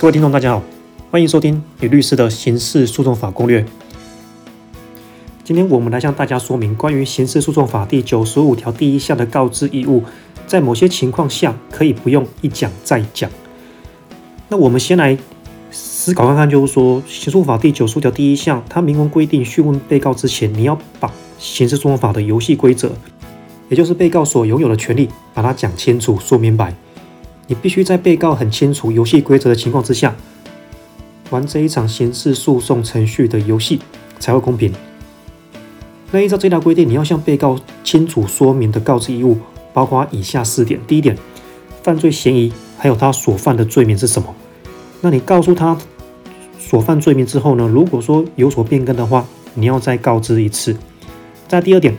各位聽眾，大家好，歡迎收聽呂律師的《刑事訴訟法攻略》。今天我們來向大家說明關於《刑事訴訟法》第九十五條第一項的告知義務，在某些情況下可以不用一講再講。那我們先來思考看看，就是說，《刑訴法》第九十五條第一項，它明文規定，訊問被告之前，你要把《刑事訴訟法》的遊戲規則，也就是被告所擁有的權利，把它講清楚、說明白。你必須在被告很清楚遊戲規則的情況之下，玩這一場刑事訴訟程序的遊戲才會公平。那依照這條規定，你要向被告清楚說明的告知義務包括以下四點：第一點，犯罪嫌疑還有他所犯的罪名是什麼。那你告訴他所犯罪名之後呢？如果說有所變更的話，你要再告知一次。在第二點，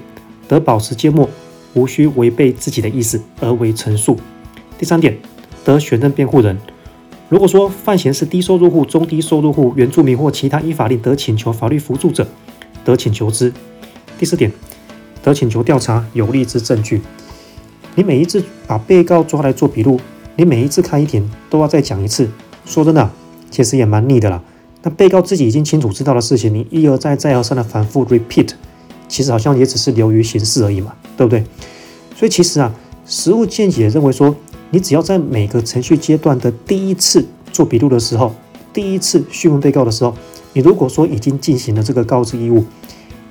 得保持緘默，無需違背自己的意思而為陳述。第三點。得選任辯護人。如果說犯嫌是低收入戶、中低收入戶、原住民或其他依法令得請求法律扶助者，得請求之。第四點，得請求調查有利之證據。你每一次把被告抓來做筆錄，你每一次開一庭都要再講一次。說真的啊，其實也蠻膩的啦。那被告自己已經清楚知道的事情，你一而再、再而三的反覆 repeat，其實好像也只是流於形式而已嘛，對不對？所以其實啊，實務見解認為說。你只要在每個程序階段的第一次做筆錄的時候，第一次訊問被告的時候，你如果說已經進行了這個告知義務，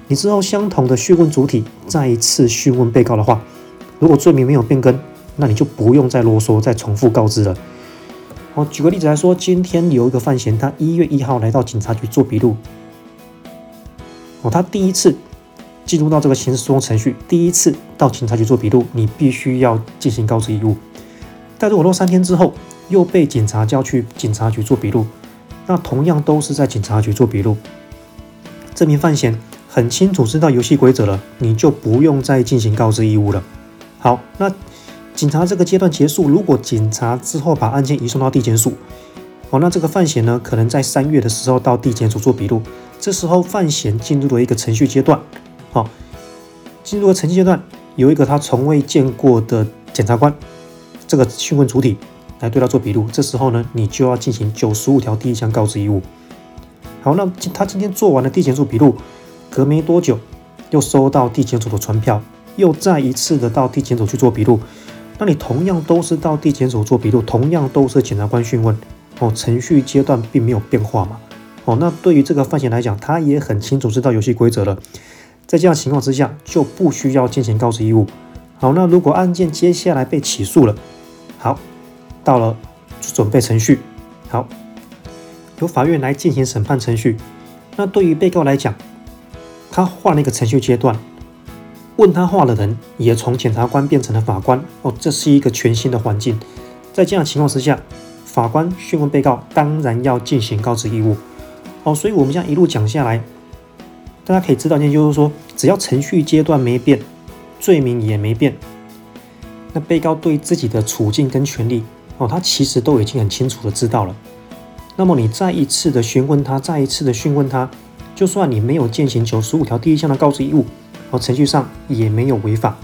你之後相同的訊問主體再一次訊問被告的話，如果罪名沒有變更，那你就不用再囉嗦、再重複告知了。好，舉個例子來說，今天有一個犯嫌，他一月一號來到警察局做筆錄。哦，他第一次進入到這個刑事訴訟程序，第一次到警察局做筆錄，你必須要進行告知義務。在是但是如果三天之後又被警察叫去警察局做筆錄，那同樣都是在警察局做筆錄，這名犯嫌很清楚知道遊戲規則了，你就不用再進行告知義務了。好，那警察這個階段結束，如果警察之後把案件移送到地檢署，哦，那這個犯嫌呢，可能在三月的時候到地檢署做筆錄，這時候犯嫌進入了一個程序階段，好，進入了程序階段，有一個他從未見過的檢察官。這個訊問主體來對他做筆錄，這時候呢，你就要進行九十五條第一項告知義務。好，那他今天做完了地檢署筆錄，隔沒多久又收到地檢署的傳票，又再一次的到地檢署去做筆錄。那你同樣都是到地檢署做筆錄，同樣都是檢察官訊問，哦，程序階段並沒有變化嘛。哦，那對於這個犯嫌來講，他也很清楚知道遊戲規則了。在這樣的情況之下，就不需要進行告知義務。好，那如果案件接下來被起訴了。好，到了準備程序。好，由法院來進行審判程序。那對於被告來講，他換了一個程序階段，問他話的人也從檢察官變成了法官。哦，這是一個全新的環境。在這樣的情況之下，法官訊問被告，當然要進行告知義務。哦，所以我們這樣一路講下來，大家可以知道，今天就是說，只要程序階段沒變，罪名也沒變。那被告對自己的處境跟權利，哦，他其實都已經很清楚的知道了。那麼你再一次的詢問他，再一次的詢問他，就算你沒有踐行九十五條第一項的告知義務，哦，程序上也沒有違法。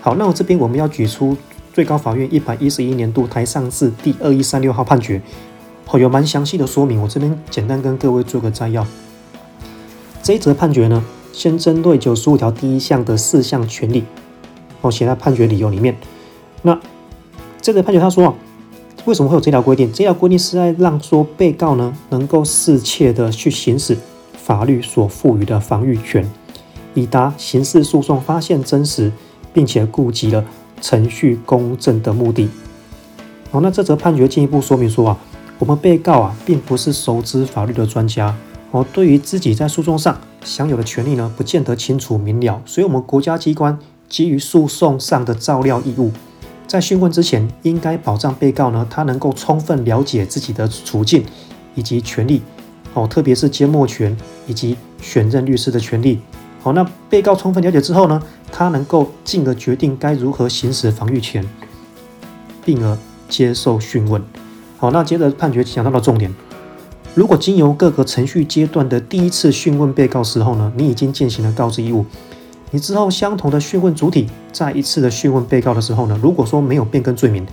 好，那我這邊我們要舉出最高法院一百一十一年度台上字第二一三六號判決，哦，有蠻詳細的說明。我這邊簡單跟各位做個摘要。這一則判決呢，先針對九十五條第一項的四項權利，哦，寫在判決理由裡面。那這則判決他說啊，為什麼會有這條規定？這條規定是在讓說被告呢，能夠適切的去行使法律所賦予的防禦權，以達刑事訴訟發現真實，並且顧及了程序公正的目的。哦，那這則判決進一步說明說啊，我們被告啊，並不是熟知法律的專家，哦，對於自己在訴訟上享有的權利呢，不見得清楚明了，所以我們國家機關基於訴訟上的照料義務。在訊問之前，應該保障被告呢，他能夠充分了解自己的處境以及權利，哦，特別是緘默權以及選任律師的權利。好，那被告充分了解之後呢，他能夠進而決定該如何行使防御權，並而接受訊問。好，那接着判決講到了重點：如果經由各個程序階段的第一次訊問被告時候呢，你已經進行了告知義務。你之後相同的訊問主體，再一次的訊問被告的時候呢，如果說沒有變更罪名，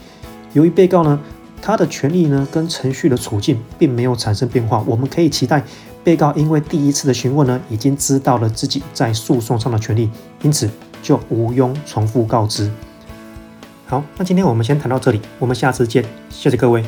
由於被告呢，他的權利呢，跟程序的處境並沒有產生變化，我們可以期待被告因為第一次的詢問呢，已經知道了自己在訴訟上的權利，因此就無庸重複告知。好，那今天我們先談到這裡，我們下次見，謝謝各位。